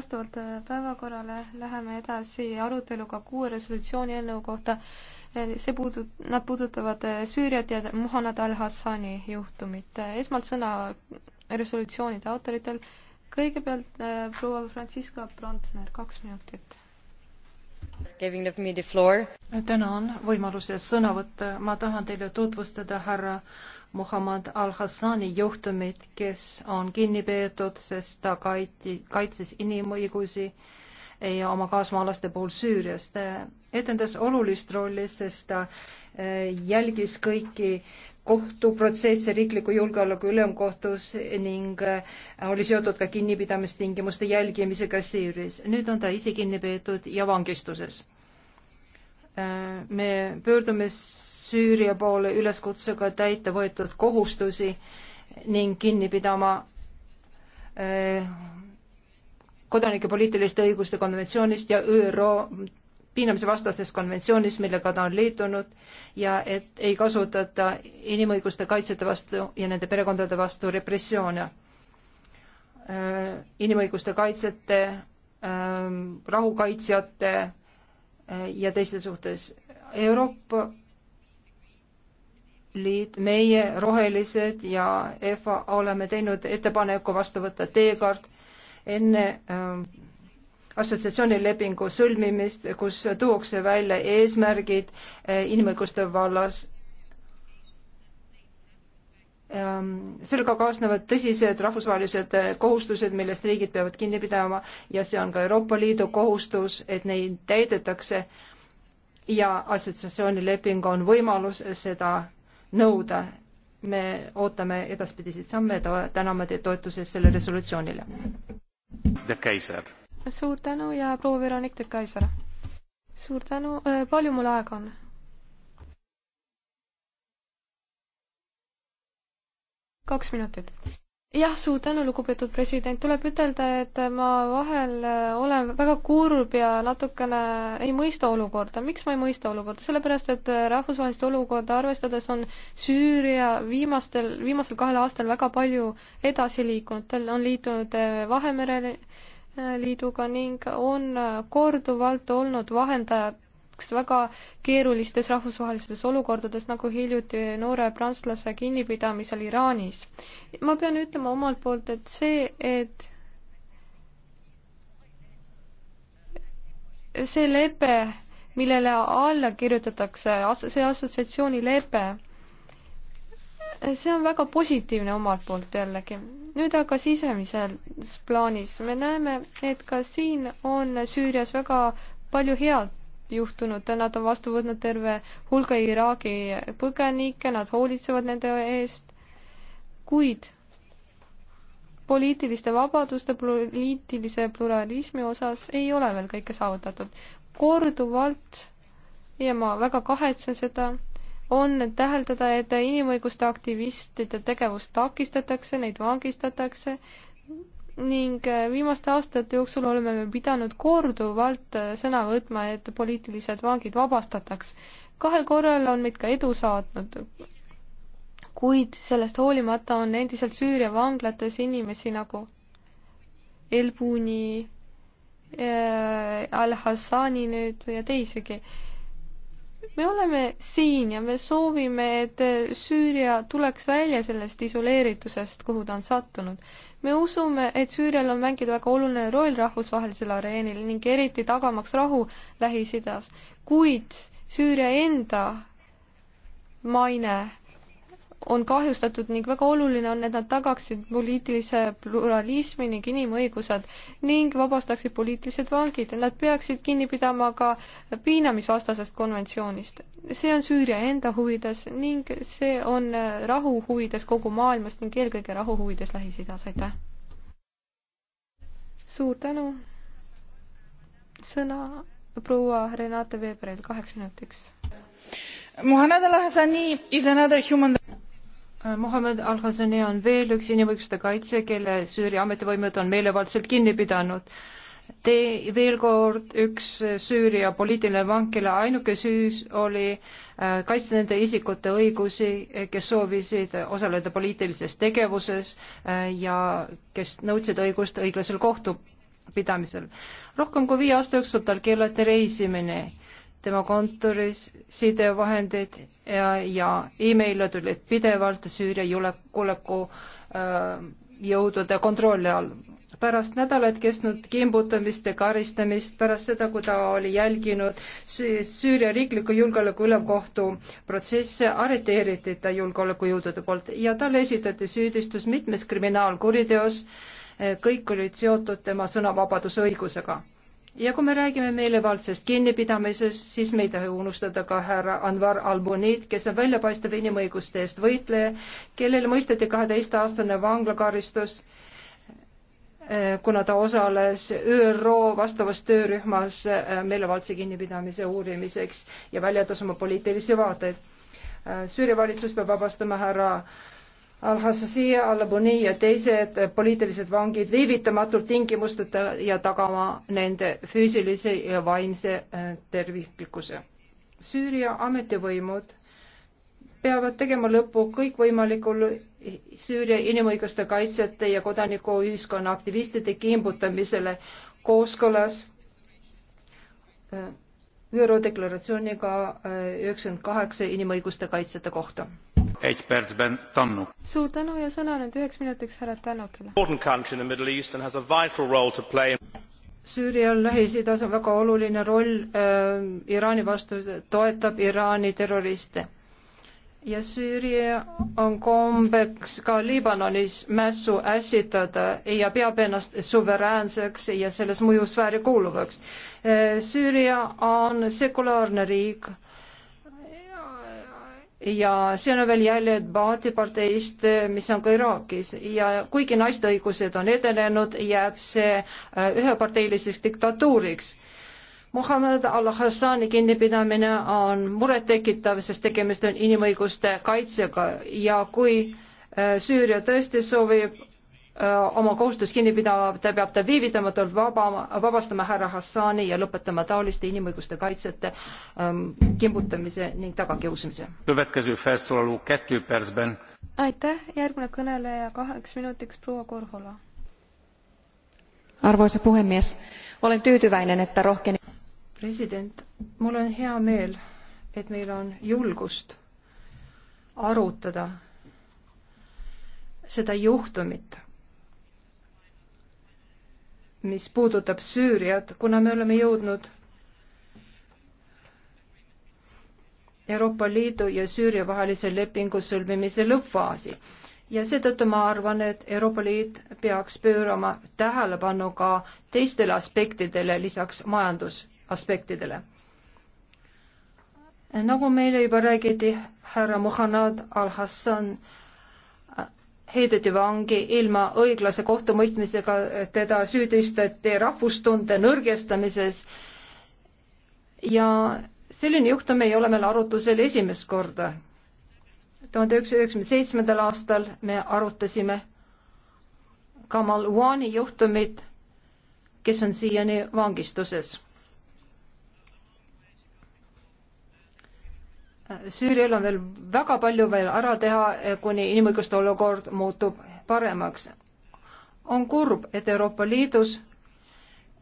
vastavalt äh, päevakorrale läheme edasi aruteluga kuue resolutsiooni eelnõu kohta. Äh, see puudut-, nad puudutavad äh, Süüriat ja Muhamed al-Hassani juhtumit. esmalt sõna resolutsioonide autoritel. kõigepealt proua Franziska Brandner, kaks minutit tänan võimaluse eest sõna võtta. ma tahan teile tutvustada härra Muhamed Al-Hassani juhtumit, kes on kinni peetud, sest ta kaiti, kaitses inimõigusi ja oma kaasmaalaste puhul Süürias. ta etendas olulist rolli, sest ta eh, jälgis kõiki kohtuprotsess riikliku julgeoleku ülemkohtus ning äh, oli seotud ka kinnipidamistingimuste jälgimisega Siiris. nüüd on ta ise kinni peetud ja vangistuses. Äh, me pöördume Süüria poole üleskutsega täita võetud kohustusi ning kinni pidama äh, kodanike poliitiliste õiguste konventsioonist ja ÜRO piinamise vastases konventsioonis, millega ta on liitunud ja et ei kasutata inimõiguste kaitsjate vastu ja nende perekondade vastu repressioone. Äh, inimõiguste kaitsjate, ähm, rahukaitsjate äh, ja teiste suhtes. Euroopa Liit, meie, Rohelised ja EFA oleme teinud ettepaneku vastu võtta teekaart enne ähm, assotsiatsioonilepingu sõlmimist, kus tuuakse välja eesmärgid eh, inimõiguste vallas. Ehm, sellega kaasnevad tõsised rahvusvahelised eh, kohustused, millest riigid peavad kinni pidama ja see on ka Euroopa Liidu kohustus, et neid täidetakse ja assotsiatsioonileping on võimalus seda nõuda. me ootame edaspidiseid samme ja täname teid toetuse eest sellele resolutsioonile. De Keiser suur tänu ja proua Veronik Dekaiser. suur tänu, äh, palju mul aega on? kaks minutit jah, suur tänu, lugupeetud president, tuleb ütelda, et ma vahel äh, olen väga kurb ja natukene ei mõista olukorda. miks ma ei mõista olukorda? sellepärast, et äh, rahvusvahelist olukorda arvestades on Süüria viimastel, viimasel kahel aastal väga palju edasi liikunud, tal on liitunud Vahemere Liiduga ning on korduvalt olnud vahendajaks väga keerulistes rahvusvahelistes olukordades, nagu hiljuti noore prantslase kinnipidamisel Iraanis. ma pean ütlema omalt poolt, et see, et see lepe, millele alla kirjutatakse, see assotsiatsiooni lepe, see on väga positiivne omalt poolt jällegi nüüd aga sisemises plaanis me näeme, et ka siin on Süürias väga palju head juhtunud, nad on vastu võtnud terve hulga Iraagi põgenikke, nad hoolitsevad nende eest, kuid poliitiliste vabaduste, poliitilise pluralismi osas ei ole veel kõike saavutatud. korduvalt ja ma väga kahetsen seda on täheldada, et inimõiguste aktivistide tegevust takistatakse, neid vangistatakse ning viimaste aastate jooksul oleme me pidanud korduvalt sõna võtma, et poliitilised vangid vabastataks. kahel korral on meid ka edu saatnud. kuid sellest hoolimata on endiselt Süüria vanglates inimesi nagu Elbuni äh,, eh, Al-Hassani nüüd ja teisigi me oleme siin ja me soovime, et Süüria tuleks välja sellest isoleeritusest, kuhu ta on sattunud. me usume, et Süürial on mängida väga oluline roll rahvusvahelisel areenil ning eriti tagamaks rahu Lähis-Idas, kuid Süüria enda maine on kahjustatud ning väga oluline on, et nad tagaksid poliitilise pluralismi ning inimõigused ning vabastaksid poliitilised vangid. Nad peaksid kinni pidama ka piinamisvastasest konventsioonist. see on Süüria enda huvides ning see on rahu huvides kogu maailmas ning eelkõige rahu huvides Lähis-Idas, aitäh! suur tänu! sõna proua Renate Veberil kaheks minutiks. Muhammad al-Hassani is another human Äh, Mohammed Al-Hasani on veel üks inimõiguste kaitsja, kelle Süüria ametivõimed on meelevaldselt kinni pidanud. Te veel kord üks Süüria poliitiline vang, kelle ainuke süüs oli äh, kaitsta nende isikute õigusi, kes soovisid osaleda poliitilises tegevuses äh, ja kes nõudsid õigust õiglasel kohtupidamisel. rohkem kui viie aasta jooksul tal keelati reisimine tema kontoris sidevahendid ja, ja email'e tulid pidevalt Süüria julgeoleku äh, jõudude kontrolli all. pärast nädalat kestnud kimbutamist ja karistamist, pärast seda, kui ta oli jälginud Süüria riikliku julgeoleku ülemkohtu protsesse, arreteeriti ta julgeolekujõudude poolt ja talle esitati süüdistus mitmes kriminaalkuriteos, äh, kõik olid seotud tema sõnavabaduse õigusega ja kui me räägime meelevaldsest kinnipidamisest, siis me ei tohi unustada ka härra Anvar Albonit, kes on väljapaistev inimõiguste eest võitleja, kellele mõisteti kaheteistaastane vanglakaristus, eh, kuna ta osales ÜRO vastavas töörühmas eh, meelevaldse kinnipidamise uurimiseks ja väljendas oma poliitilisi vaateid. Eh, Süüria valitsus peab vabastama härra Al-Hassasi, Al-Abuni ja teised poliitilised vangid viivitamatult tingimusteta ja tagama nende füüsilise ja vaimse äh, terviklikkuse. Süüria ametivõimud peavad tegema lõpu kõikvõimalikul Süüria inimõiguste kaitsjate ja kodanikuühiskonna aktivistide kimbutamisele kooskõlas äh, ÜRO deklaratsiooniga äh, üheksakümmend kaheksa inimõiguste kaitsjate kohta suur tänu ja sõna nüüd üheks minutiks härra Tannokile. Süürial Lähis-Idas on väga oluline roll äh, Iraani vastu, toetab Iraani terroriste. ja Süüria on kombeks ka Liibanonis mässu ässitada ja peab ennast suveräänseks ja selles mõjusfääri kuuluvaks äh,. Süüria on sekulaarne riik äh, ja siin on veel jäljed Baati parteist, mis on ka Iraagis ja kuigi naiste õigused on edenenud, jääb see äh, üheparteiliseks diktatuuriks. Muhamed al-Hassani kinnipidamine on murettekitav, sest tegemist on inimõiguste kaitsega ja kui äh, Süüria tõesti soovib Äh, oma kohustust kinni pidama, ta peab ta viivitamatult vaba, vabastama härra Hassani ja lõpetama taoliste inimõiguste kaitsjate ähm, kimbutamise ning tagakiusamise. aitäh, järgmine kõneleja kaheks minutiks, proua Korhola. arvoisa puhemies, olen tyytyväinen, että rohken-. president, mul on hea meel, et meil on julgust arutada seda juhtumit mis puudutab Süüriat, kuna me oleme jõudnud Euroopa Liidu ja Süüria vahelise lepingu sõlmimise lõppfaasi ja seetõttu ma arvan, et Euroopa Liit peaks pöörama tähelepanu ka teistele aspektidele lisaks majandusaspektidele. nagu meile juba räägiti, härra Muhanad al-Hassan äh, heideti vangi ilma õiglase kohtumõistmisega, teda süüdistati rahvustunde nõrgestamises ja selline juhtum ei ole meil arutlusel esimest korda. tuhande üheksasaja üheksakümne seitsmendal aastal me arutasime Kamal Wani juhtumit, kes on siiani vangistuses Süürial on veel väga palju veel ära teha, eh, kuni inimõiguste olukord muutub paremaks. on kurb, et Euroopa Liidus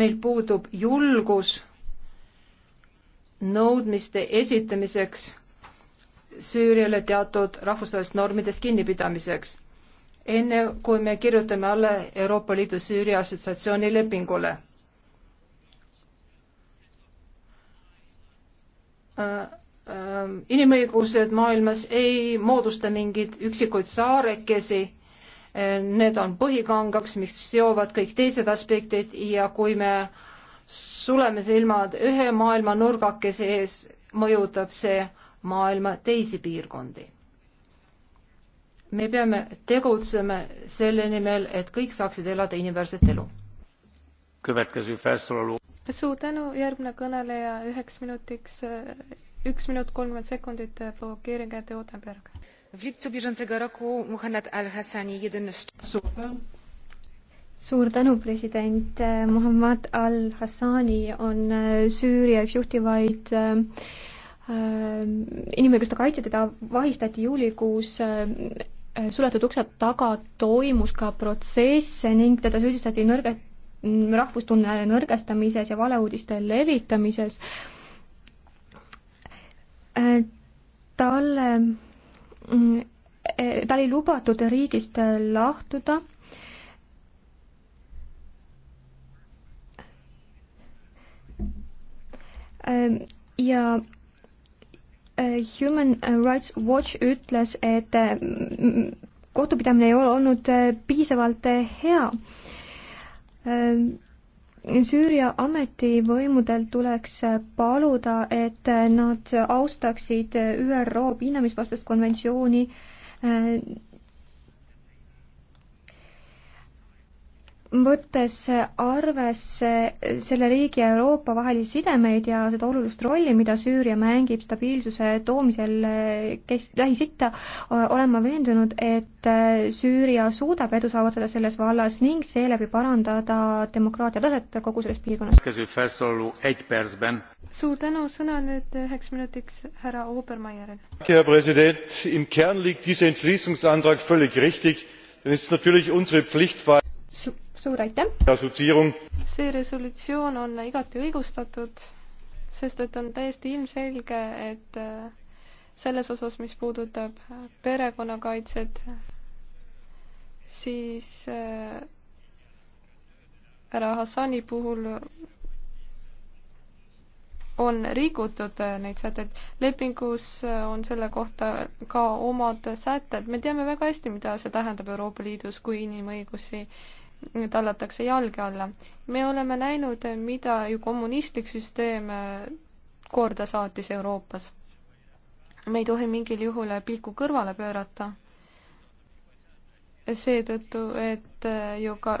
meil puudub julgus nõudmiste esitamiseks Süüriale teatud rahvusvahelistest normidest kinnipidamiseks, enne kui me kirjutame alla Euroopa Liidu Süüria assotsiatsiooni lepingule äh, Ähm, inimõigused maailmas ei moodusta mingeid üksikuid saarekesi, äh, need on põhikangaks, mis seovad kõik teised aspektid ja kui me suleme silmad ühe maailma nurgakese ees, mõjutab see maailma teisi piirkondi. me peame tegutsema selle nimel, et kõik saaksid elada inimväärset elu. suur tänu, järgmine kõneleja üheks minutiks üks minut kolmkümmend sekundit, eh, proua Keerinkäte Otenberg. suur tänu. suur tänu, president eh, Muhamed al-Hassani on eh, Süüria üks juhtivaid inimõiguste kaitsja, teda vahistati juulikuus suletud ukse taga toimus ka protsess ning teda süüdistati nõrge, mm, rahvustunne nõrgestamises ja valeuudiste levitamises äh, talle, mm, e, tal ei lubatud riigist lahtuda. Ähm, ja äh, Human Rights Watch ütles, et äh, kohtupidamine ei ole olnud äh, piisavalt hea ähm, Süüria ametivõimudel tuleks paluda, et nad austaksid ÜRO piinamisvastast konventsiooni võttes arvesse selle riigi ja Euroopa vahelisi sidemeid ja seda olulist rolli, mida Süüria mängib stabiilsuse toomisel kes-, Lähis-Itta, olen ma veendunud, et äh, Süüria suudab edu saavutada selles vallas ning seeläbi parandada demokraatia taset kogu selles piirkonnas. suur tänu, sõna nüüd üheks minutiks härra Obermeieril. Herr Präsident, im Kern liegt dieser Entschließungsantrag völlig richtig, denn es ist natürlich unsere Pflicht, suur aitäh! see resolutsioon on igati õigustatud, sest et on täiesti ilmselge, et äh, selles osas, mis puudutab perekonnakaitset, siis härra äh, Hassani puhul on rikutud äh, neid sätteid. lepingus on selle kohta ka omad sätted. me teame väga hästi, mida see tähendab Euroopa Liidus, kui inimõigusi tallatakse jalge alla. me oleme näinud, mida ju kommunistlik süsteem äh, korda saatis Euroopas. me ei tohi mingil juhul pilku kõrvale pöörata. seetõttu, et äh, ju ka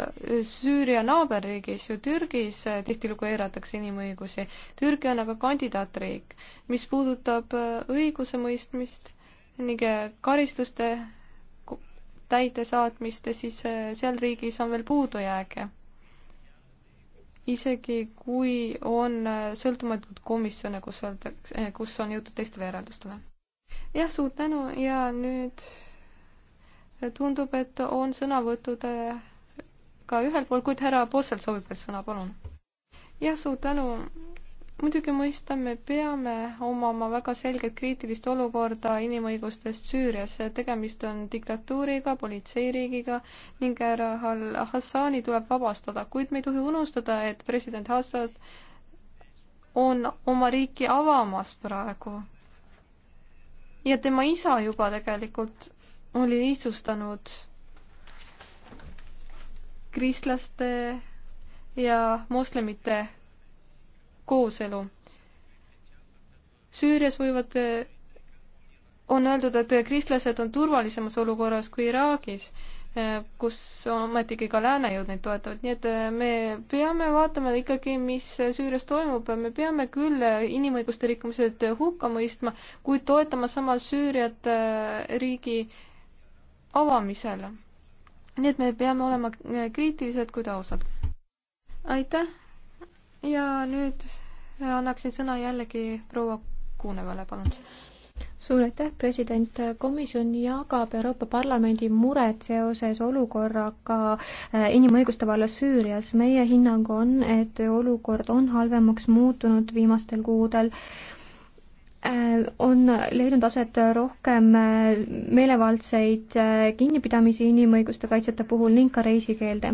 Süüria naaberriigis, ju Türgis äh, tihtilugu eiratakse inimõigusi. Türgi on aga kandidaatriik, mis puudutab õigusemõistmist ning karistuste täidesaatmist, siis äh, seal riigis on veel puudujääge. isegi kui on äh, sõltumatud komisjone, kus öeldakse, äh, kus on jõutud teistele järeldustele. jah, suur tänu ja nüüd tundub, et on sõnavõtud ka ühel pool, kuid härra Possel soovib veel sõna, palun. jah, suur tänu muidugi mõista, me peame omama väga selget kriitilist olukorda inimõigustest Süürias. tegemist on diktatuuriga, politseiriigiga ning härra Hassani tuleb vabastada, kuid me ei tohi unustada, et president Assad on oma riiki avamas praegu. ja tema isa juba tegelikult oli lihtsustanud kristlaste ja moslemite kooselu. Süürias võivad, on öeldud, et kristlased on turvalisemas olukorras kui Iraagis, kus ometigi ka läänejõud neid toetavad, nii et eh, me peame vaatama ikkagi, mis Süürias toimub, me peame küll inimõiguste rikkumised hukka mõistma, kuid toetama samas Süüriat eh, riigi avamisele. nii et me peame olema kriitilised, kuid ausad. aitäh! ja nüüd annaksin sõna jällegi proua Kuunevale, palun. suur aitäh, president, komisjon jagab Euroopa Parlamendi muret seoses olukorraga eh, inimõiguste vallas Süürias. meie hinnang on, et olukord on halvemaks muutunud viimastel kuudel Äh, on leidnud aset rohkem äh, meelevaldseid äh, kinnipidamisi inimõiguste kaitsjate puhul ning ka reisikeelde.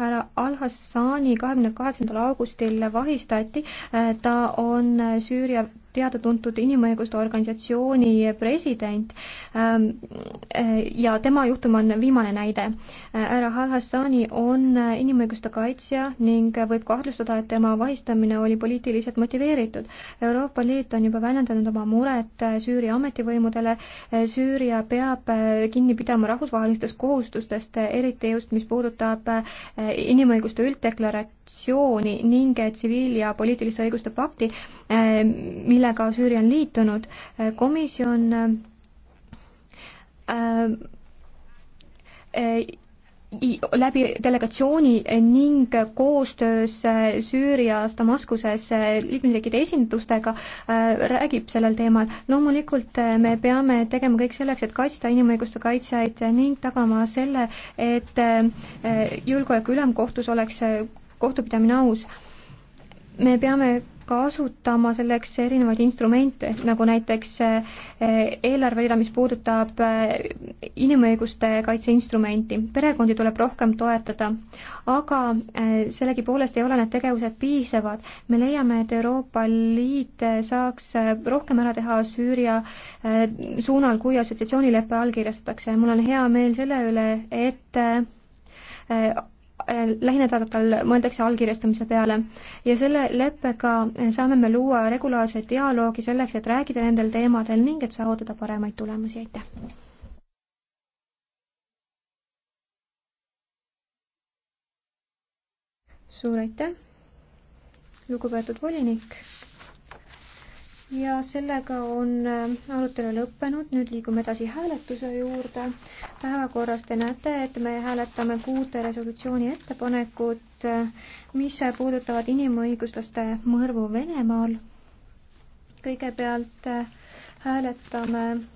härra Al-Hassani kahekümne kaheksandal augustil vahistati, ta on Süüria teada-tuntud inimõiguste organisatsiooni president ähm, äh, ja tema juhtum on viimane näide. Äh, härra Al-Hassani on äh, inimõiguste kaitsja ning võib kahtlustada, et tema vahistamine oli poliitiliselt motiveeritud. Euroopa Liit on juba väljendanud oma muret Süüria ametivõimudele. Süüria peab kinni pidama rahvusvahelistest kohustustest, eriti just, mis puudutab inimõiguste ülddeklaratsiooni konventsiooni ning tsiviil- ja poliitiliste õiguste pakti, eh, millega Süüria on liitunud. Eh, komisjon eh, läbi delegatsiooni ning koostöös Süürias, Damaskuses liikmesriikide esindustega räägib sellel teemal. loomulikult me peame tegema kõik selleks, et kaitsta inimõiguste kaitsjaid ning tagama selle, et julgeoleku ülemkohtus oleks kohtupidamine aus. me peame kasutama selleks erinevaid instrumente, nagu näiteks eh, eelarverida, mis puudutab eh, inimõiguste kaitse instrumenti. perekondi tuleb rohkem toetada, aga eh, sellegipoolest ei ole need tegevused piisavad. me leiame, et Euroopa Liit saaks rohkem ära teha Süüria suunal, kui assotsiatsioonilepe allkirjastatakse. mul on hea meel selle üle, et Eh, lähinädalatel mõeldakse allkirjastamise peale. ja selle leppega saame me luua regulaarse dialoogi selleks, et rääkida nendel teemadel ning et saavutada paremaid tulemusi, aitäh! suur aitäh, lugupeetud volinik! ja sellega on äh, arutelu lõppenud, nüüd liigume edasi hääletuse juurde. päevakorras te näete, et me hääletame kuute resolutsiooni ettepanekut, äh, mis puudutavad inimõiguslaste mõrvu Venemaal. kõigepealt äh, hääletame